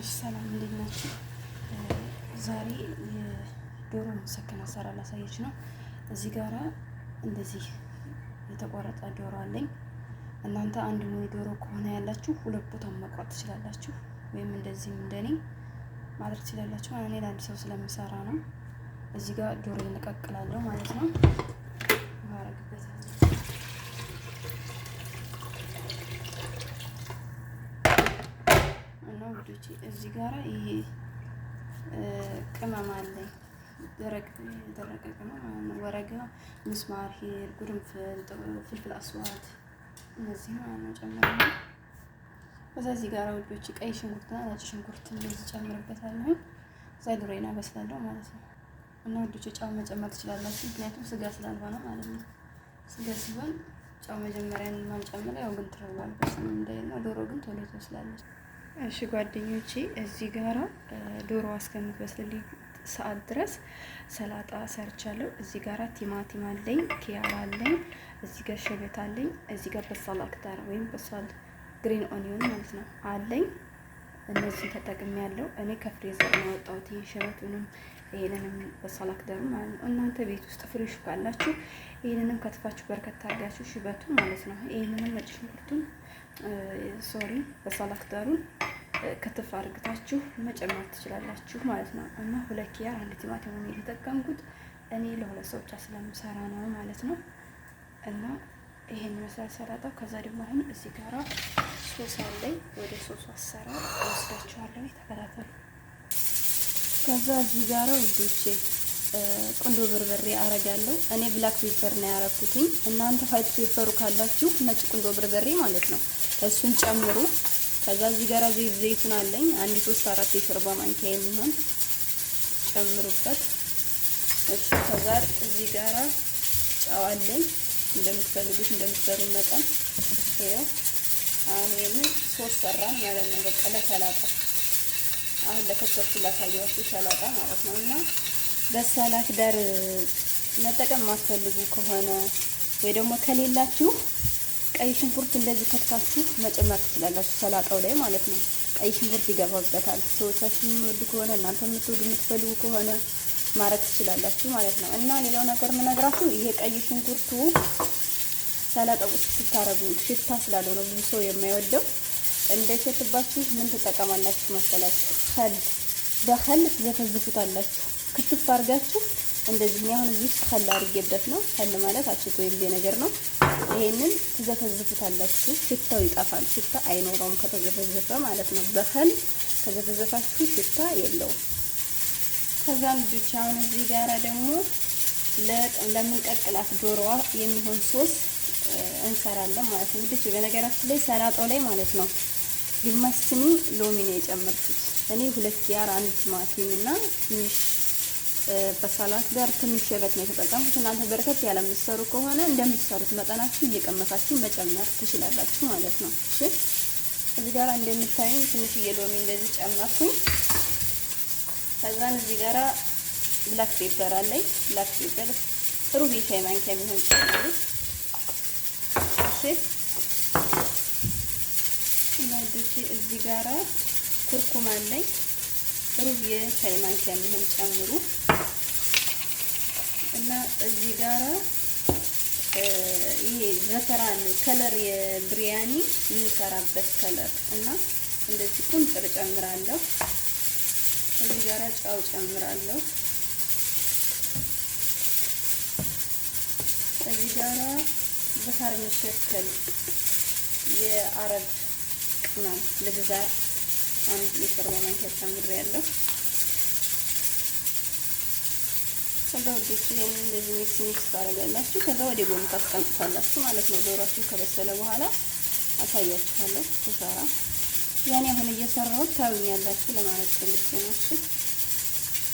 አሰላም ሰላም፣ እንዴት ናችሁ? ዛሬ የዶሮ መሰከን አሰራር ላሳየች ነው። እዚህ ጋራ እንደዚህ የተቆረጠ ዶሮ አለኝ። እናንተ አንድ ሙሉ ዶሮ ከሆነ ያላችሁ ሁለት ቦታ መቁረጥ ትችላላችሁ፣ ወይም እንደዚህም እንደኔ ማድረግ ትችላላችሁ። እኔ ለአንድ ሰው ስለምሰራ ነው። እዚህ ጋር ዶሮ ይነቀቅላለሁ ማለት ነው ውዶቼ እዚህ ጋራ ይሄ ቅመም አለ፣ ደረቅ የደረቀ ቅመም ወረጋ፣ ምስማር፣ ሄር፣ ጉርንፍል፣ ፍልፍል አስዋት እነዚህ ማለት እዛ ጨምራለሁ። እዚህ ጋራ ውዶች ቀይ ሽንኩርትና ነጭ ሽንኩርት እንደዚህ ጨምርበታለሁ። እዛ ዱሬና በስላለሁ ማለት ነው። እና ውዶች ጫው መጨመር ትችላላችሁ፣ ምክንያቱም ስጋ ስላልሆነ ማለት ነው። ስጋ ሲሆን ጫው መጀመሪያ ማንጨምረ ያው ግን ትረዋል በስም እንዳይል ዶሮ ግን ቶሎ ትወስላለች። እሺ ጓደኞቼ እዚህ ጋራ ዶሮ እስከምትበስልልኝ ሰዓት ድረስ ሰላጣ ሰርቻለሁ። እዚህ ጋራ ቲማቲም አለኝ፣ ኪያራ አለኝ፣ እዚህ ጋር ሸበት አለኝ፣ እዚህ ጋር በሳል አክታር ወይም በሳል ግሪን ኦኒዮን ማለት ነው አለኝ። እነዚህን ተጠቅሜ ያለው እኔ ከፍሬዘር ነው ያወጣሁት። ይሄ ሸበቱንም ይህንንም በሳል አክታር ማለት ነው። እናንተ ቤት ውስጥ ፍሬሽ ካላችሁ ይህንንም ከትፋችሁ በርከት አድርጋችሁ ሽበቱ ማለት ነው። ይህንንም ነጭ ሽንኩርቱን ሶሪ በሳል አክታሩን ክትፍ አድርግታችሁ መጨመር ትችላላችሁ ማለት ነው። እና ሁለት ኪያር አንድ ቲማቲም ነው የተጠቀምኩት እኔ ለሁለት ሰዎች ስለምሰራ ነው ማለት ነው። እና ይሄን መስራት ሰላጣው። ከዛ ደግሞ አሁን እዚህ ጋራ ሶስ አለኝ። ወደ ሶሱ አሰራር ወስዳችኋለሁ፣ ተከታተሉ። ከዛ እዚህ ጋራ ውዶቼ ቁንዶ በርበሬ አረጋለሁ። እኔ ብላክ ፔፐር ነው ያረኩትኝ። እናንተ ፋይት ፔፐሩ ካላችሁ ነጭ ቁንዶ በርበሬ ማለት ነው እሱን ጨምሩ። ከዛ እዚህ ጋራ ዘይት ዘይቱን አለኝ አንድ ሶስት አራት የሾርባ ማንኪያ የሚሆን ጨምሩበት። እሺ ከዛ እዚህ ጋራ ጨው አለኝ እንደምትፈልጉት እንደምትሰሩ መጠን ይሄው። አሁን ይሄንን ሶስት ሰራን ያለን ነገር ቀለ ሰላጣ አሁን ለከተፍኩ ላሳየዋችሁ ሰላጣ ማለት ነው። እና በሰላት ዳር መጠቀም ማትፈልጉ ከሆነ ወይ ደግሞ ከሌላችሁ ቀይ ሽንኩርት እንደዚህ ከትፋችሁ መጨመር ትችላላችሁ፣ ሰላጣው ላይ ማለት ነው። ቀይ ሽንኩርት ይገባበታል። ሰዎቻችሁ የምወዱ ከሆነ እናንተ የምትወዱ የምትፈልጉ ከሆነ ማድረግ ትችላላችሁ ማለት ነው። እና ሌላው ነገር የምነግራችሁ ይሄ ቀይ ሽንኩርቱ ሰላጣው ውስጥ ስታረጉ ሽታ ስላለው ነው ብዙ ሰው የማይወደው። እንዳይሸትባችሁ ምን ትጠቀማላችሁ መሰላችሁ? ከል በከል ትዘፈዝፉታላችሁ ክትፍ አድርጋችሁ እንደዚህ ነው። አሁን እዚህ ውስጥ ከል አድርጌበት ነው። ከል ማለት አችቶ የሚል ነገር ነው። ይሄንን ትዘፈዝፉታላችሁ። ሽታው ይጠፋል። ሽታ አይኖረውም ከተዘፈዘፈ ማለት ነው። በከል ከዘፈዘፋችሁ ሽታ የለውም። ከዛም ብቻ አሁን እዚህ ጋራ ደግሞ ለምንቀቅላት ዶሮዋ የሚሆን ሶስ እንሰራለን ማለት ነው። እንግዲህ በነገራችን ላይ ሰላጣው ላይ ማለት ነው ግማሽ ስኒ ሎሚ ነው የጨመርኩት እኔ ሁለት ያር አንድ ማቲም እና ትንሽ በሳላት ጋር ትንሽ ሸበት ነው የተጠቀምኩት። እናንተ በርከት ያለ የምትሰሩ ከሆነ እንደምትሰሩት መጠናችሁ እየቀመሳችሁ መጨመር ትችላላችሁ ማለት ነው። እሺ እዚህ ጋር እንደምታዩኝ ትንሽዬ ሎሚ እንደዚህ ጨመርኩኝ። ከዛን እዚህ ጋር ብላክ ፔፐር አለኝ። ብላክ ፔፐር ሩብ የሻይ ማንኪያ የሚሆን ጨምሩ። እሺ እና እዚህ ጋር ኩርኩም አለኝ። ሩብ የሻይ ማንኪያ የሚሆን ጨምሩ። እና እዚህ ጋራ ይሄ ዘፈራን ከለር የብሪያኒ የምንሰራበት ከለር እና እንደዚህ ቁንጥር ጨምራለሁ። እዚህ ጋራ ጫው ጨምራለሁ። እዚህ ጋራ ባህር መሸከል የአረብ ቅመም ልግዛር አንድ የሾርባ ማንኪያ ጨምሬያለሁ። ከዛ ወዶቹ ይሄንን እንደዚህ ሚክስ ሚክስ ታደርጋላችሁ። ከዛ ወደ ጎን ታስቀምጣላችሁ ማለት ነው። ዶሯችሁ ከበሰለ በኋላ አሳያችኋለሁ ስሰራ። ያኔ አሁን እየሰራሁት ታዩኛላችሁ ለማለት ፈልጌ ነው።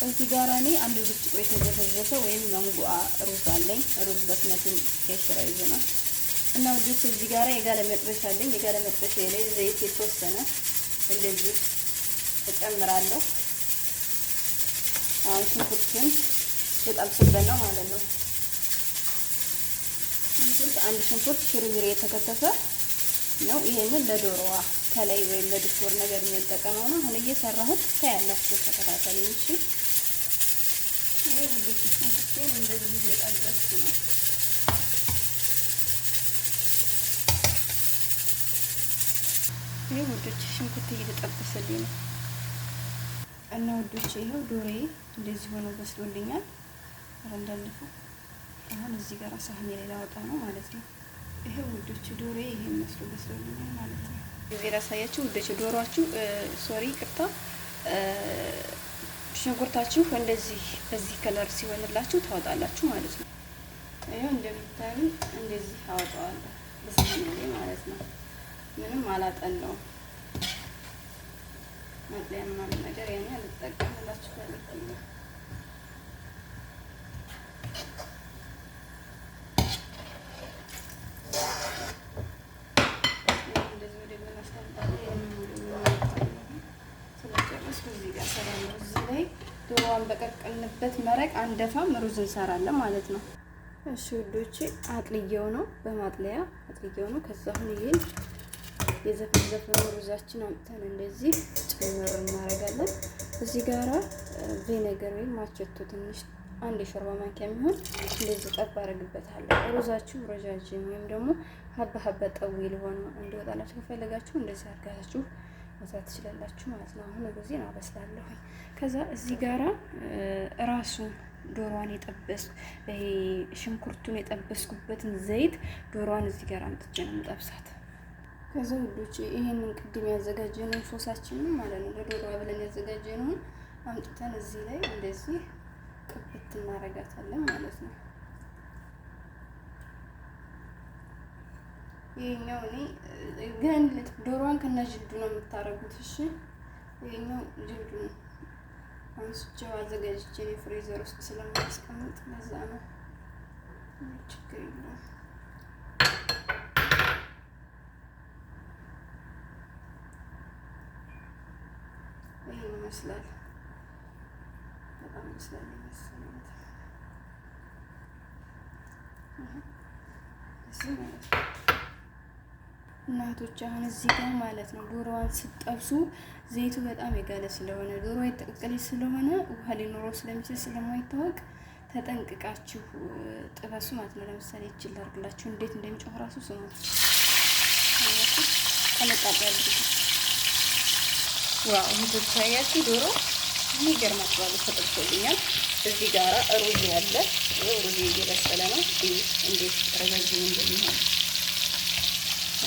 እዚህ ጋር እኔ አንድ ብርጭቆ የተዘፈዘፈ ወይም መንጎ ሩዝ አለኝ። ሩዝ በስመቱን የሽራ ይዞ ነው እና ወዶቹ እዚህ ጋር የጋለ መጥበሻ አለኝ። የጋለ መጥበሻ ላይ ዘይት የተወሰነ እንደዚህ እጨምራለሁ። አሁን ሽንኩርቱን ልጠብስበት ነው ማለት ነው። ሽንኩርት አንድ ሽንኩርት ሽርሚር የተከተፈ ነው። ይሄንን ለዶሮዋ ከላይ ወይም ለድኮር ነገር የሚጠቀመው ነው። አሁን እየሰራሁት ታያላችሁ፣ ተከታተሉ። እሺ ይሄ ሁሉ ሽንኩርቴን እንደዚህ እየጠበስኩ ነው። ይሄ ውዶች ሽንኩርት እየተጠበሰልኝ ነው እና ውዶች፣ ይሄው ዶሬ እንደዚህ ሆኖ በስሎልኛል። አረ እንዳለፉ አሁን እዚህ ጋር ሳህን የሌላ ወጣ ነው ማለት ነው። ይሄ ውዶቹ ዶሮ ይሄ መስሎ በስሎልኛል ማለት ነው። እዚህ ላሳያችሁ ውዶቹ ዶሮአችሁ፣ ሶሪ ቅርታ፣ ሽንኩርታችሁ እንደዚህ በዚህ ከለር ሲሆንላችሁ ታወጣላችሁ ማለት ነው። ይሄ እንደምታዩ እንደዚህ አወጣዋለሁ በሳህን ላይ ማለት ነው። ምንም አላጠለውም። መጥለያማ ነገር ያኔ አልጠቀምላችሁ ያለጠኛ በቀቀልንበት መረቅ አንደፋም፣ ሩዝ እንሰራለን ማለት ነው። እሺ ውዶቼ አጥልየው ነው በማጥለያ አጥልየው ነው። ከዛ አሁን ይሄን ዘፈን ሩዛችን አምጥተን እንደዚህ ጭምር እናደርጋለን። እዚህ ጋራ ቪነገር ወይም ማቸቶ ትንሽ አንድ የሾርባ ማንኪያ የሚሆን እንደዚህ ጠብ አደርግበታለሁ። ሩዛችሁ ረጃጅም ወይም ደግሞ ሀበ ሀበ ጠዊ ለሆነ እንዲወጣላችሁ ከፈለጋችሁ እንደዚህ አድርጋችሁ መብዛት ትችላላችሁ ማለት ነው። አሁን ጊዜ ነው አበስላለሁ። ከዛ እዚህ ጋራ ራሱን ዶሮዋን የጠበስ ይሄ ሽንኩርቱን የጠበስኩበትን ዘይት ዶሮዋን እዚህ ጋር አምጥቼ ነው የምጠብሳት። ከዛ ውዶች ይሄንን ቅድም ያዘጋጀነውን ሶሳችንን ማለት ነው ለዶሮዋ ብለን ያዘጋጀነውን አምጥተን እዚህ ላይ እንደዚህ ቅብት እናረጋታለን ማለት ነው። ይሄኛው እኔ ግን ዶሮዋን ከነ ጅልዱ ነው የምታደርጉት እሺ ይሄኛው ጅልዱ ነው አንስቼው አዘጋጅቼ እኔ ፍሪዘር ውስጥ ስለማስቀምጥ ለዛ ነው ችግር የለውም። ይሄን ይመስላል። በጣም ይመስላል ይመስላል ማለት ነው። እናቶች አሁን እዚህ ጋር ማለት ነው ዶሮዋን ስጠብሱ ዘይቱ በጣም የጋለ ስለሆነ ዶሮ የተቀቀለ ስለሆነ ውሃ ሊኖሮ ስለሚችል ስለማይታወቅ ተጠንቅቃችሁ ጥበሱ ማለት ነው። ለምሳሌ ይችል ላርግላችሁ እንዴት እንደሚጮህ ራሱ ስሙ። ተመጣጣ ያድርጉ። ዋው ይታያችሁ ዶሮ ይገርማችኋል። ተጠብሶልኛል። እዚህ ጋራ ሩዝ ያለ ሩዝ እየበሰለ ነው። እንዴት ረዘዝ እንደሚሆን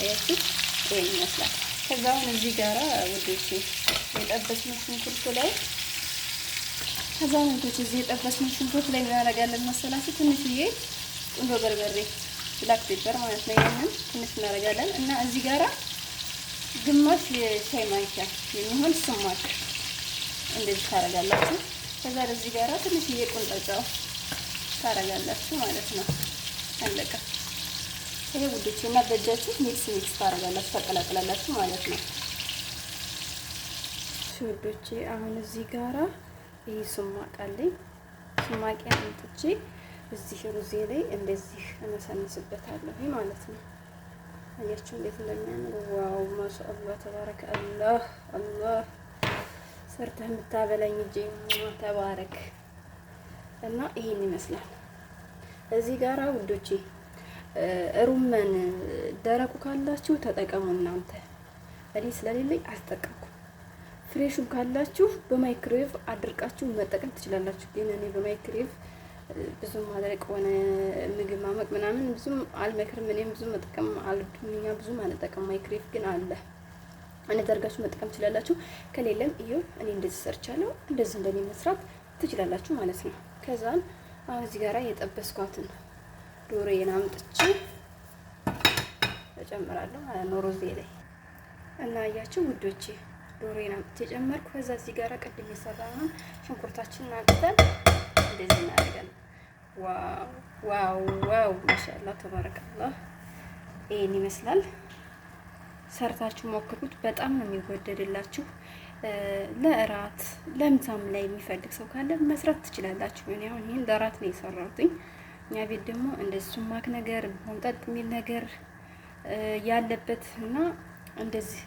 አያችሁ ይሄን ይመስላል። ከዛ አሁን እዚህ ጋራ ውዶቼ የጠበስነው ሽንኩርቱ ላይ ከዛ አሁን እዚህ የጠበስነው ሽንኩርት ላይ እናደርጋለን መሰላችሁ ትንሽዬ ቁንዶ በርበሬ ብላክ ፔፐር ማለት ነው። ይሄንን ትንሽ እናደርጋለን እና እዚህ ጋራ ግማሽ የሻይ ማንኪያ የሚሆን ስሟል እንደዚህ ታደርጋላችሁ። ከዛ እዚህ ጋራ ትንሽዬ ቁንጠጫው ታደርጋላችሁ ማለት ነው። አለቀ። ይሄ ውዶቼ እና በእጃችሁ ሚክስ ሚክስ ታደርጋላችሁ ታቀላቅላላችሁ ማለት ነው። ውዶቼ አሁን እዚህ ጋራ ይሄ ሱማቅ አለኝ። ሱማቄ አንጥቼ እዚህ ሩዜ ላይ እንደዚህ እነሰንስበታለሁ ማለት ነው። አያችሁ እንዴት እንደሚያምር ዋው! ማሻአላ ተባረከ። አላህ አላህ ሰርተህ የምታበላኝ እጄ ተባረክ። እና ይሄን ይመስላል እዚህ ጋራ ውዶቼ ሩመን ደረቁ ካላችሁ ተጠቀሙ እናንተ። እኔ ስለሌለኝ አልተጠቀምኩም። ፍሬሹም ካላችሁ በማይክሮዌቭ አድርቃችሁ መጠቀም ትችላላችሁ። ግን እኔ በማይክሮዌቭ ብዙም ማድረቅ ሆነ ምግብ ማመቅ ምናምን ብዙም አልመክርም። እኔም ብዙም መጠቀም አልወድም። እኛ ብዙም አንጠቀም። ማይክሮዌቭ ግን አለ እንደርጋችሁ መጠቀም ትችላላችሁ። ከሌለም እዩ እኔ እንደዚህ ሰርቻለሁ። እንደዚህ እንደኔ መስራት ትችላላችሁ ማለት ነው። ከዛን አሁን እዚህ ጋራ የጠበስኳትን ዶሮዬን አምጥቼ እጨምራለሁ ማለት ነው ሮዜ ላይ እና አያችሁ ውዶቼ ዶሮዬን አምጥቼ ጨመርኩ። ከዛ እዚህ ጋር ቅድም የሰራነውን ሽንኩርታችንን አጥተን እንደዚህ እናደርጋለን። ዋው ዋው ዋው! ማሻአላ ተባረካላህ። ይሄን ይመስላል። ሰርታችሁ ሞክሩት። በጣም ነው የሚወደድላችሁ። ለእራት ለምሳም ላይ የሚፈልግ ሰው ካለ መስራት ትችላላችሁ። እኔ አሁን ይሄን ለእራት ነው የሰራሁትኝ። እኛ ቤት ደግሞ እንደ ሱማክ ነገር መምጠጥ የሚል ነገር ያለበት እና እንደዚህ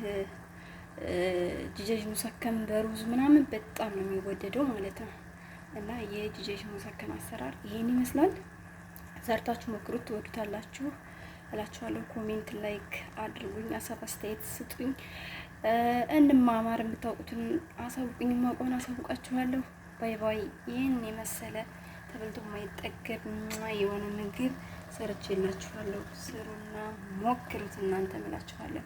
ጅጀጅ ሙሰከም በሩዝ ምናምን በጣም ነው የሚወደደው ማለት ነው። እና የጅጀጅ ሙሰከም አሰራር ይሄን ይመስላል። ሰርታችሁ ሞክሩት፣ ትወዱታላችሁ እላችኋለሁ። ኮሜንት፣ ላይክ አድርጉኝ፣ ሀሳብ አስተያየት ስጡኝ፣ እንማማር። የምታውቁትን አሳውቁኝ፣ ማቆን አሳውቃችኋለሁ። ባይ ባይ። ይህን የመሰለ ተበልቶ የማይጠገብ የሆነ ምግብ ሰርቼ የላችኋለሁ። ስሩና ሞክሩት እናንተ እምላችኋለሁ።